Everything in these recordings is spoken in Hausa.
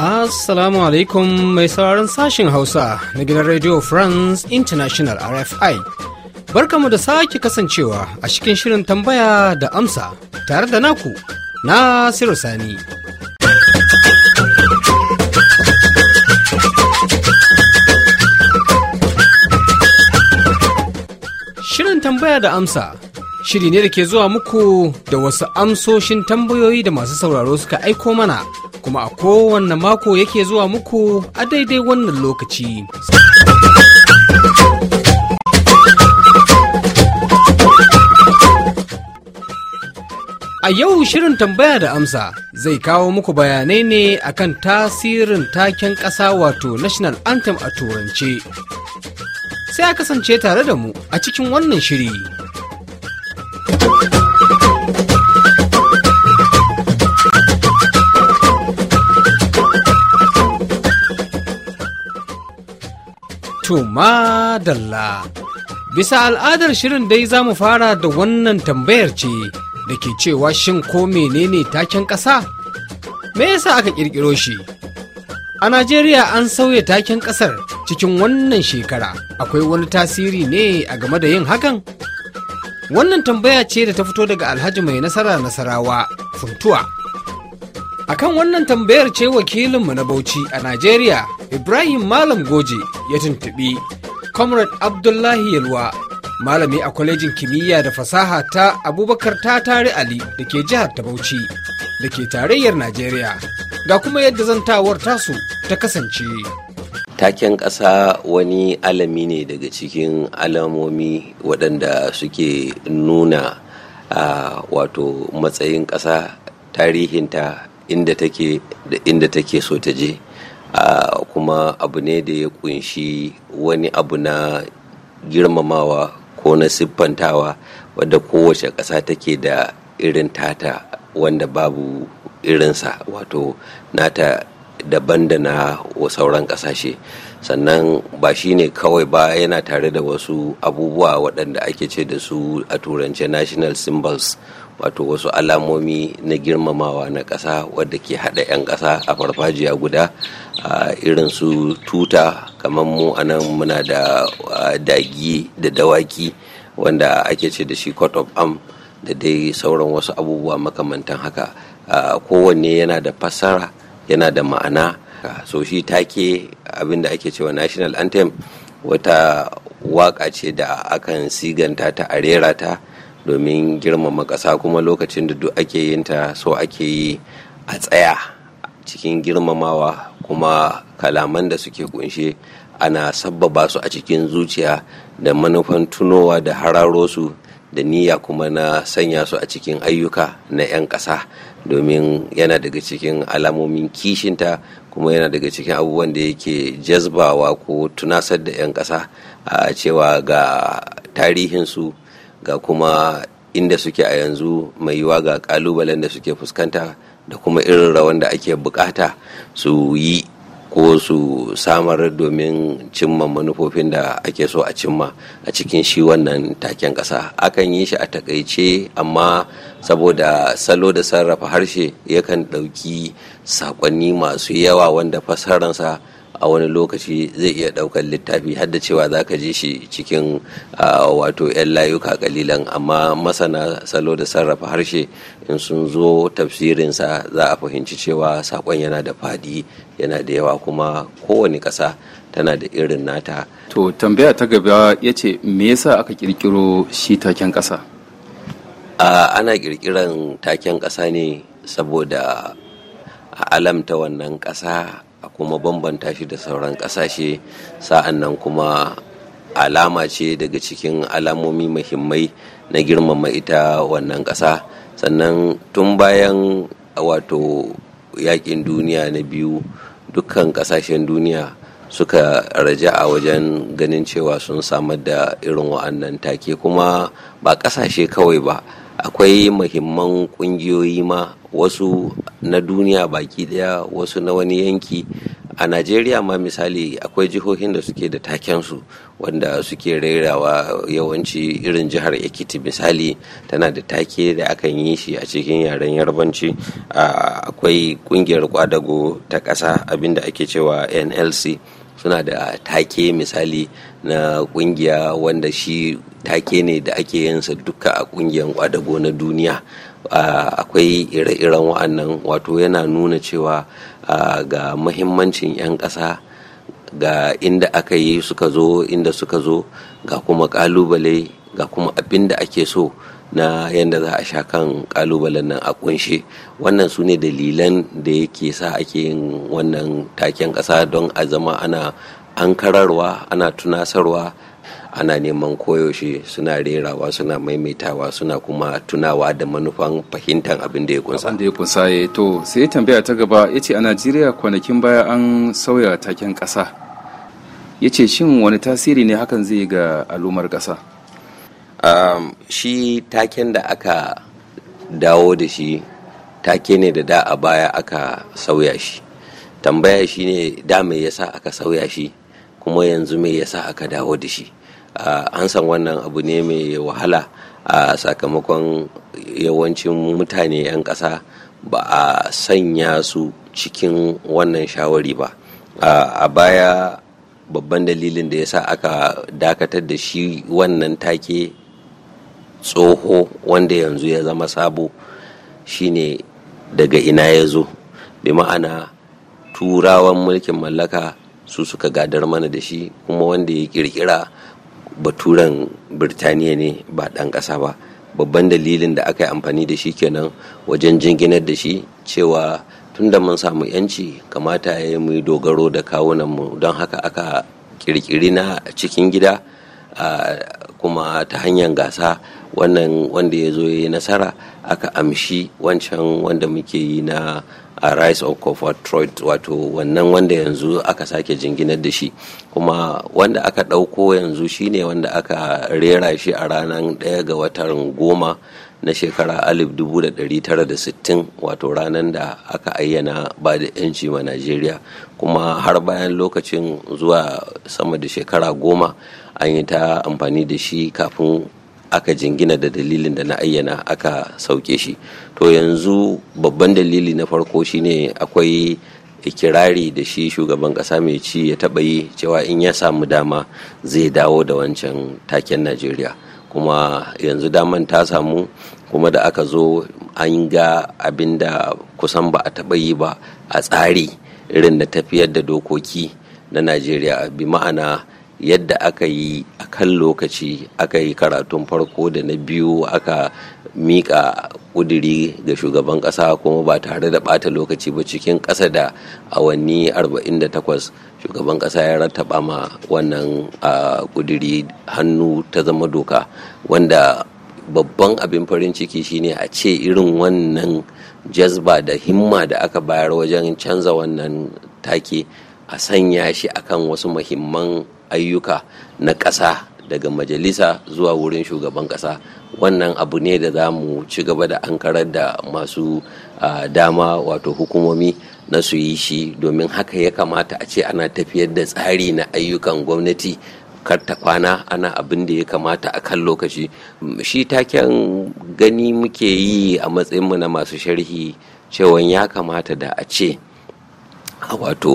Asalamu alaikum mai sauraron sashen Hausa na gidan Radio France International RFI. Barkamu da sake kasancewa a cikin shirin tambaya da amsa tare da naku na Sani. tambaya da amsa shiri ne da ke zuwa muku da wasu amsoshin tambayoyi da masu sauraro suka aiko mana kuma a kowane mako yake zuwa muku a daidai wannan lokaci. A yau shirin tambaya da amsa zai kawo muku bayanai ne akan tasirin taken ƙasa wato National Anthem a Turance. sai a kasance tare da mu a cikin wannan shiri. tumadalla Bisa al'adar shirin dai za mu fara da wannan tambayar ce da ke cewa shin ko menene taken ƙasa? Me yasa aka ƙirƙiro shi? A Najeriya an sauya taken ƙasar cikin wannan shekara akwai wani tasiri ne a game da yin hakan? Wannan tambaya ce da ta fito daga Alhaji mai nasara nasarawa funtuwa. A kan wannan tambayar ce wakilinmu na Bauchi a Najeriya, Ibrahim Malam Goje ya tuntuɓi Comrade Abdullahi Yalwa, malami a kwalejin kimiyya da fasaha ta Abubakar ta tare Ali da ke jihar ta Bauchi da ke tarayyar Najeriya. Ga kuma yadda zantawar tasu ta kasance. taken ƙasa wani alami ne daga cikin alamomi waɗanda suke nuna a wato matsayin ƙasa tarihinta inda take da inda take so ta je kuma abu ne da ya kunshi wani abu na girmamawa ko na siffantawa wadda kowace ƙasa take da irin tata wanda babu irinsa wato nata daban da na sauran kasashe sannan ba shi ne kawai ba yana tare da wasu abubuwa waɗanda ake ce da su a turance national symbols wato wasu alamomi na girmamawa na ƙasa wadda ke haɗa 'yan ƙasa a farfajiya guda irin su tuta kamar mu a nan muna da dagi da dawaki wanda ake ce da shi court of arm da dai sauran wasu abubuwa makamantan haka kowanne yana da fassara yana da ma'ana so shi take abinda ake cewa national anthem wata waka ce da akan siganta ta a rera ta domin girmama ƙasa kuma lokacin da duk ake yin ta so ake yi a tsaya cikin girmamawa kuma kalaman da suke kunshe ana sabbaba su a cikin zuciya da manufan tunowa da hararo su da niyya kuma na sanya su a cikin ayyuka na 'yan ƙasa domin yana daga cikin alamomin kishinta kuma yana daga cikin abubuwan da yake jazbawa ko tunasar da 'yan ƙasa a cewa ga tarihinsu ga kuma inda suke a yanzu mai yiwa ga ƙalubalen da suke fuskanta da kuma irin rawan da ake bukata su yi ko su samar domin cimma manufofin da ake so a cimma a cikin shi wannan taken ƙasa akan yi shi a takaice amma saboda salo da sarrafa harshe yakan ɗauki sakonni masu yawa wanda fasaransa a wani lokaci zai iya ɗaukar littafi har cewa za ka ji shi cikin wato 'yan layuka kalilan amma masana salo da sarrafa harshe in sun zo tafsirinsa za a fahimci cewa sakon yana da faɗi yana da yawa kuma kowane ƙasa tana da irin nata to tambaya ta gaba ya ce me yasa aka ƙirƙiro shi taken ƙasa ana kirkiran taken ƙasa ne saboda a alamta wannan ƙasa a kuma bambanta shi da sauran ƙasashe sa'an nan kuma alama ce daga cikin alamomi mahimmai na girmama ita wannan ƙasa sannan tun bayan wato yakin duniya na biyu dukkan ƙasashen duniya suka raja a wajen ganin cewa sun samar da irin wa'annan take kuma ba ƙasashe kawai ba akwai muhimman kungiyoyi ma wasu na duniya baki daya wasu na wani yanki a najeriya ma misali akwai jihohin da suke da takensu wanda suke rairawa yawanci irin jihar ekiti misali tana da take da akan yi shi a cikin yaren yarbanci akwai kungiyar kwadago ta ƙasa abinda ake cewa nlc suna da take misali na kungiya wanda shi take ne da ake yinsa duka a kungiyan kwadago na duniya akwai ire-iren wa'annan wato yana nuna cewa ga mahimmancin 'yan ƙasa ga inda aka yi suka zo inda suka zo ga kuma ƙalubale ga kuma abin da ake so na yadda za a sha kan kalubalen nan a kunshe wannan su ne dalilan da yake sa ake yin wannan taken ƙasa don a zama ana ankararwa ana tunasarwa ana neman koyaushe suna rerawa suna maimaitawa suna kuma tunawa da manufan fahimtar abin da ya kunsa. Abin da ya kunsa ya eh, to sai tambaya ta gaba ya ce a Najeriya kwanakin baya an sauya taken ƙasa. Ya ce shin wani tasiri ne hakan zai ga al'ummar ƙasa? um, shi taken da aka dawo da shi take ne da da a baya aka sauya shi tambaya shi ne da me yasa aka sauya shi kuma yanzu me yasa aka dawo da shi an san wannan abu ne mai wahala a sakamakon yawancin mutane 'yan ƙasa ba a sanya su cikin wannan shawari ba a baya babban dalilin da yasa aka dakatar da shi wannan take tsoho wanda yanzu ya zama sabo shine daga ina ya zo bi ma'ana turawan mulkin mallaka su suka gadar mana da shi kuma wanda ya kirkira baturen birtaniya ne ba ɗan ƙasa ba babban dalilin da aka yi amfani da shi kenan wajen jinginar da shi cewa tun da mun samu yanci kamata ya yi mu dogaro da kawunanmu don haka aka kirkiri na cikin gida kuma ta hanyar gasa wannan wanda ya zo ya yi nasara aka amshi wancan wanda muke yi na a rise of comfort troid wato wannan wanda yanzu aka sake jinginar da shi kuma wanda aka ɗauko yanzu shine wanda aka rera shi a ranar ɗaya ga watan goma na shekara 1960 wato ranar da aka ayyana ba da 'yanci ma najeriya kuma har bayan lokacin zuwa sama da shekara goma an yi ta amfani da shi kafin aka jingina da dalilin da na ayyana aka sauke shi to yanzu babban dalili na farko shine akwai ikirari da shi shugaban kasa mai ci ya taɓa yi cewa in ya samu dama zai dawo da wancan taken najeriya kuma yanzu daman ta samu kuma da aka zo an ga abin da kusan ba a taɓa yi ba a tsari irin da tafiyar da dokoki na najeriya bi ma'ana yadda aka yi a kan lokaci aka yi karatun farko da na biyu aka miƙa ƙudiri ga shugaban ƙasa kuma ba tare da ɓata lokaci ba cikin ƙasa da awanni 48 shugaban ƙasa ya rattaba ma wannan ƙudiri hannu ta zama doka wanda babban abin farin ciki shine a ce irin wannan jazba da himma da aka bayar wajen canza wannan take a sanya shi akan wasu muhimman ayyuka na ƙasa daga majalisa zuwa wurin shugaban ƙasa wannan abu ne da za mu ci gaba da ankarar da masu dama wato hukumomi na su yi shi domin haka ya kamata a ce ana tafiyar da tsari na ayyukan gwamnati karta kwana ana abin da ya kamata a kan lokaci shi taken gani muke yi a matsayinmu na masu sharhi cewa ya kamata da a ce wato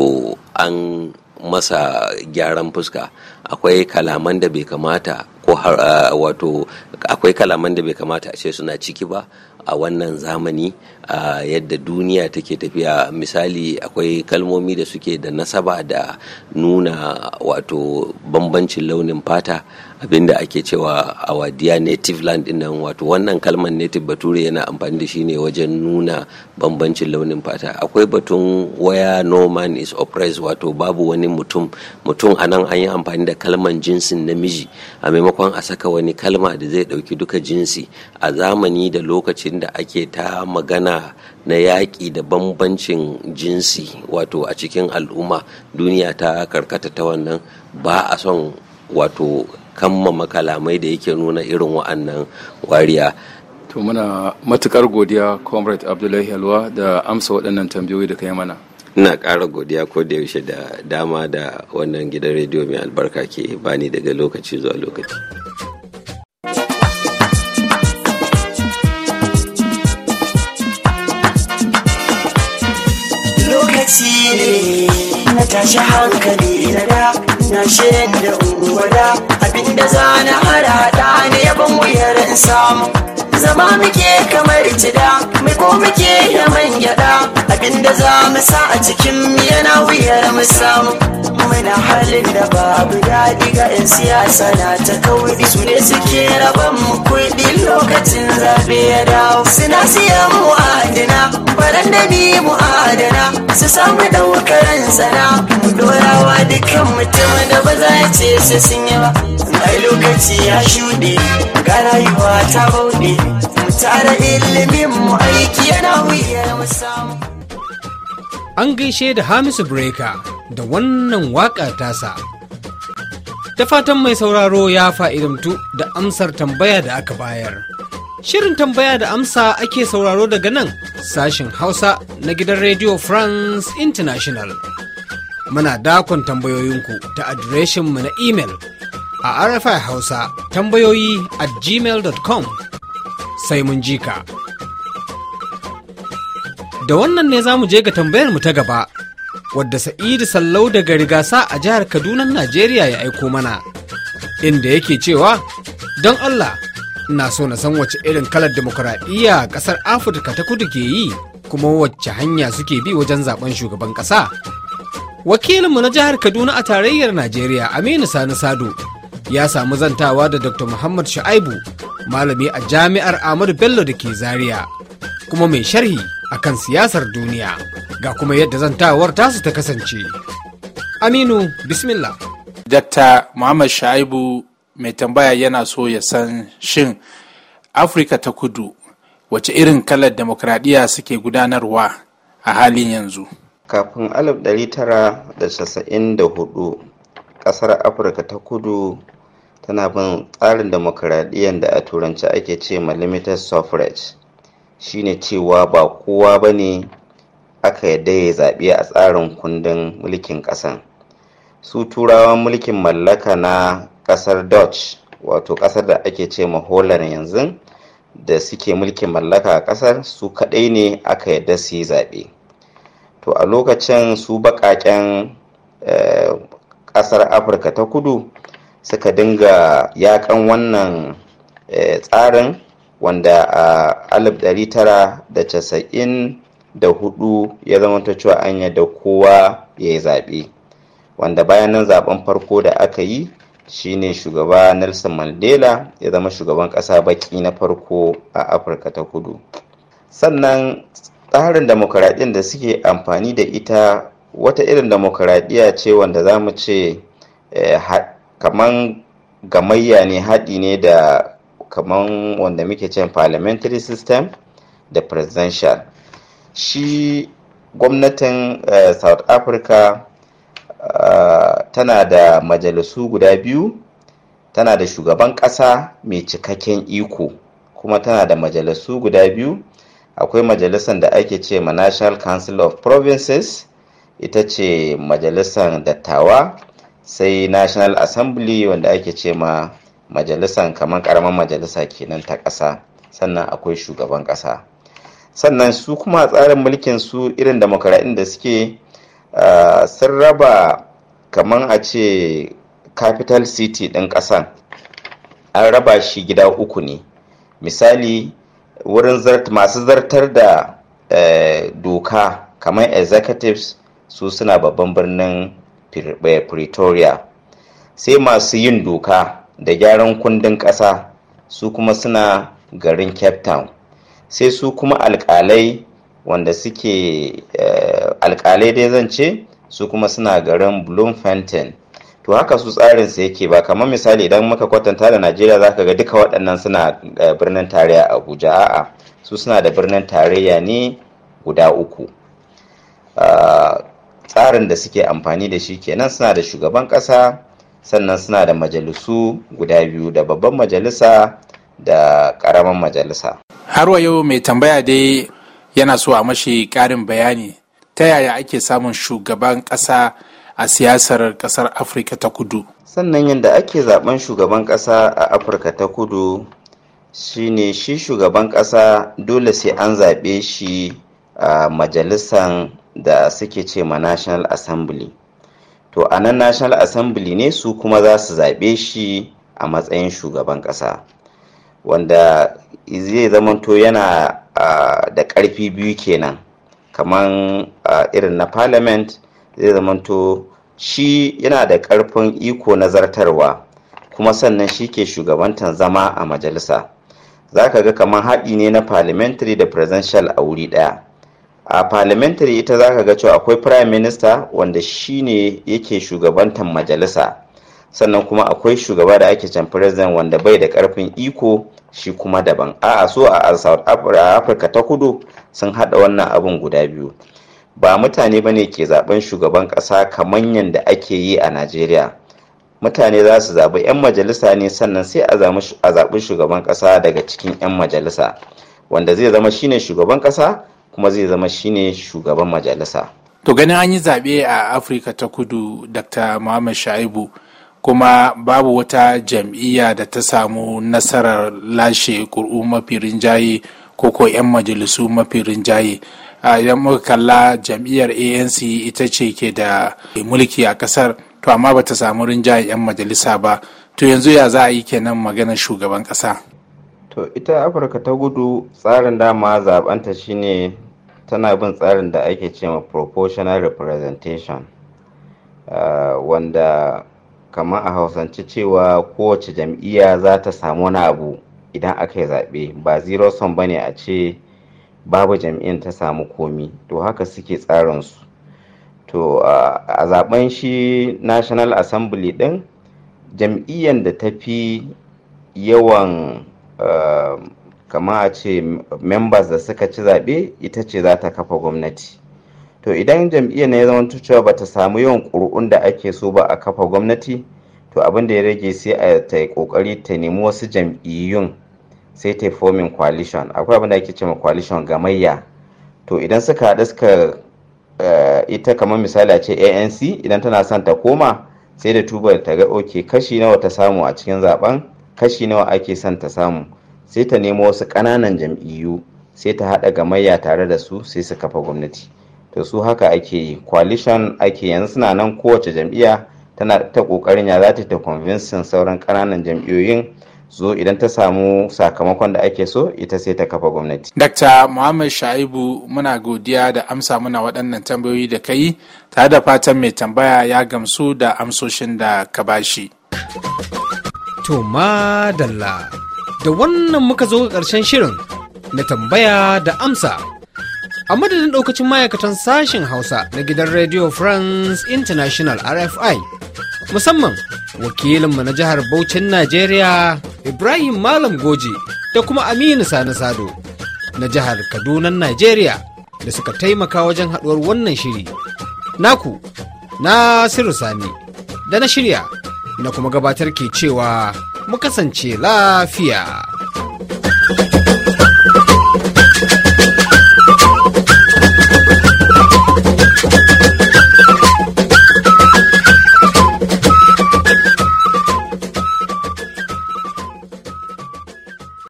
an masa gyaran fuska akwai kalaman da bai kamata ko har wato akwai kalaman da bai kamata a ce suna ciki ba a wannan zamani a yadda duniya take tafiya misali akwai kalmomi da suke da nasaba da nuna wato bambancin launin fata abinda ake cewa our dear native land din nan wato wannan kalmar native bature yana amfani da shi ne wajen nuna bambancin launin fata akwai batun waya no man is oppressed wato babu wani mutum mutum a nan an yi amfani da kalmar jinsin namiji a maimakon a saka wani kalma da zai ɗauki duka jinsi a zamani da lokacin da ake ta magana na yaƙi da bambancin jinsi wato a cikin al'umma duniya ta karkata ta wannan ba a son wato kammama kalamai da yake nuna irin wa'annan wariya to muna matukar godiya comrade abdullahi halwa da amsa waɗannan tambayoyi da kai mana ina ƙara godiya ko da yaushe da dama da wannan gidan rediyo mai albarka ke bani daga lokaci zuwa lokaci lokaci ne na tashi hankali na da na da gwada abinda zana harada ne yaban wuyarin samu zama muke kamar cida mai ko muke ya man gyada abinda za mu sa a cikin yana wuyar mu samu muna halin da babu daɗi ga 'yan siyasa na ta kauri su ne suke raban mu kuɗi lokacin zaɓe ya dawo suna siyan mu a baran da ni mu adana su samu ɗaukaran sana mu dorawa dukkan mutum da ba za ya ce su sun yi ba ai lokaci ya shuɗe ga rayuwa ta bauɗe mu tara ilimin mu aiki yana wuyar mu samu an gaishe da hamisu breaker da wannan waƙa tasa ta fatan mai sauraro ya fa'idantu da amsar tambaya da aka bayar Shirin tambaya da amsa ake sauraro daga nan sashin Hausa na gidan Radio France International. Muna dakon tambayoyinku ta adireshinmu na imel a RFI Hausa tambayoyi at gmail.com sai mun ji ka. Da wannan ne za mu je ga tambayar mu ta gaba, wadda Sa'idu Sallau daga Rigasa a jihar Kaduna, Najeriya ya aiko mana, inda yake cewa, don Allah Ina so na san wace irin kalar demokuraɗiyya ƙasar Afirka ta kudu ke yi kuma wacce hanya suke bi wajen zaben shugaban ƙasa. Wakilinmu na jihar Kaduna a tarayyar Najeriya Aminu Sani Sado ya samu zantawa da Dr. Muhammad Shu'aibu malami a jami'ar Ahmadu Bello da ke Zaria kuma mai sharhi a kan siyasar duniya ga kuma yadda zantawar tasu ta kasance. Aminu Bismillah. Dr. Muhammad Shu'aibu mai tambaya yana so ya san shin afirka ta kudu wace irin kalar demokradiyya suke gudanarwa a halin yanzu kafin 1994 kasar afirka ta kudu tana bin tsarin demokradiyyar da a turanci ake ce ma limited suffrage shine cewa ba kowa ba ne aka yadda ya zaɓe a tsarin kundin mulkin ƙasan su turawan mulkin mallaka na kasar dutch wato kasar da ake ce maholar yanzu da suke mulkin mallaka a kasar su kadai ne aka yadda su yi zaɓe to a lokacin su baƙaƙen ƙasar eh, afirka ta kudu suka dinga yakan wannan eh, tsarin wanda a 1994 ya zama ta cewa an yadda kowa ya yi zaɓe wanda bayanan nan zaben farko da aka yi shine shugaba nelson mandela ya zama shugaban ƙasa baki na farko a afirka ta kudu sannan tsarin demokaradiyyar da suke amfani da ita wata irin demokaradiyya ce wanda za mu ce eh, kaman gamayya ne haɗi ne da kaman wanda muke cin parliamentary system da presidential shi gwamnatin eh, south africa Ah, tana da majalisu guda biyu tana da shugaban ƙasa mai cikakken iko kuma tana da majalisu guda biyu akwai majalisar da ake ce ma national council of provinces ita ce majalisar dattawa sai national assembly wanda ake ce ma majalisar kamar karamar majalisa kenan ta ƙasa sannan akwai shugaban ƙasa sannan su kuma tsarin mulkin su irin demokara'in da suke Ah, sun raba kamar a ce capital city ɗin ƙasan an raba shi gida uku ne misali wurin masu zartar da eh, doka kamar executives su suna babban birnin eh, pretoria sai masu yin doka da gyaran kundin ƙasa su kuma suna garin cape town sai su kuma alƙalai wanda suke eh, alkalai dai zan ce su kuma suna garin bloemfontein to haka su tsarinsu yake ba kamar misali idan muka kwatanta da najeriya zaka ga duka waɗannan suna eh, birnin tarayya abuja a'a su suna da birnin tarayya ne guda uku ah, tsarin da suke amfani da shi kenan suna da shugaban ƙasa sannan suna da majalisu guda biyu da babban majalisa da ƙaramin majalisa har wa yau mai tambaya dai yana so a mashi ƙarin bayani ta yaya ake samun shugaban ƙasa a siyasar ƙasar afirka ta kudu sannan yadda ake zaben shugaban ƙasa a afirka ta kudu shine shi shugaban ƙasa dole sai an zaɓe shi a majalisan da suke ce ma national assembly to a nan national assembly ne su kuma za su zaɓe shi a matsayin shugaban ƙasa wanda zai zamanto yana da ƙarfi biyu kenan kamar irin na parliament zai zamanto shi yana da karfin iko na zartarwa kuma sannan shi ke shugabantar zama a majalisa za ka ga kamar haɗi ne na parliamentary da presidential a wuri ɗaya a parliamentary ita za ka ga cewa akwai prime minister wanda shi ne yake shugabantar majalisa sannan kuma akwai shugaba da ake can president wanda bai da ƙarfin iko shi kuma daban a'a so a south africa ta kudu sun hada wannan abin guda biyu ba mutane bane ke zaben shugaban kasa kamar yadda ake yi a najeriya mutane za su zaɓi 'yan majalisa ne sannan sai a zaɓi shugaban ƙasa daga cikin 'yan majalisa wanda zai zama shine shugaban ƙasa kuma zai zama shine shugaban majalisa to ganin an yi zaɓe a afirka ta kudu dr muhammad shaibu kuma babu wata jam'iyya da ta samu nasarar lashe ƙuri'u mafi rinjaye ko ko 'yan majalisu mafi rinjaye idan muka kalla jam'iyyar anc ita ce ke da mulki a kasar to amma ba ta samu rinjaye 'yan majalisa ba to yanzu ya za a yi kenan maganar shugaban kasa to ita afirka ta gudu tsarin dama zaɓanta shine tana bin tsarin da ake cewa proportional representation wanda kamar a hausance cewa kowace jam'iyya za ta samu wani abu idan aka yi zaɓe ba zero sum ba ne a ce babu jam'iyyar ta samu komi to haka suke su to a zaben shi national assembly ɗin jam'iyyar da ta fi yawan kamar a ce members da suka ci zaɓe ita ce za ta kafa gwamnati to idan jam'iyyar ne ya zama cewa ba ta samu yawan ƙuri'un da ake so ba a kafa gwamnati to abin da ya rage sai a ta yi ƙoƙari ta nemi wasu jam'iyyun sai ta forming coalition akwai abin da ake cewa coalition gamayya to idan suka haɗu suka eh, ita kamar misali a ce anc idan tana son ta koma sai da tuba ta ga oke kashi nawa ta samu a cikin zaben kashi nawa ake son ta samu sai ta nemo wasu ƙananan jam'iyyu sai ta haɗa gamayya tare da su sai su kafa gwamnati da su haka ake yi coalition ake yanzu suna nan kowace jam'iyya tana ta kokarin ya zata ta convincing sauran kananan jam'iyyoyin zo idan ta samu sakamakon da ake so ita sai ta kafa gwamnati. Dr. Muhammad Shaibu muna godiya da amsa muna waɗannan tambayoyi da ka yi tare da fatan mai tambaya ya gamsu da amsoshin da ka bashi. To madalla da wannan muka zo ga ƙarshen shirin na tambaya da amsa. a madadin ɗaukacin ma'aikatan sashen hausa na gidan radio france international rfi musamman wakilinmu na jihar Bauchin Najeriya Ibrahim Malam Goji da kuma Aminu Sani Sado na jihar Kaduna Najeriya da suka taimaka wajen haɗuwar wannan shiri. Naku, Nasiru Sani, da na shirya, na kuma gabatar ke cewa mu kasance lafiya.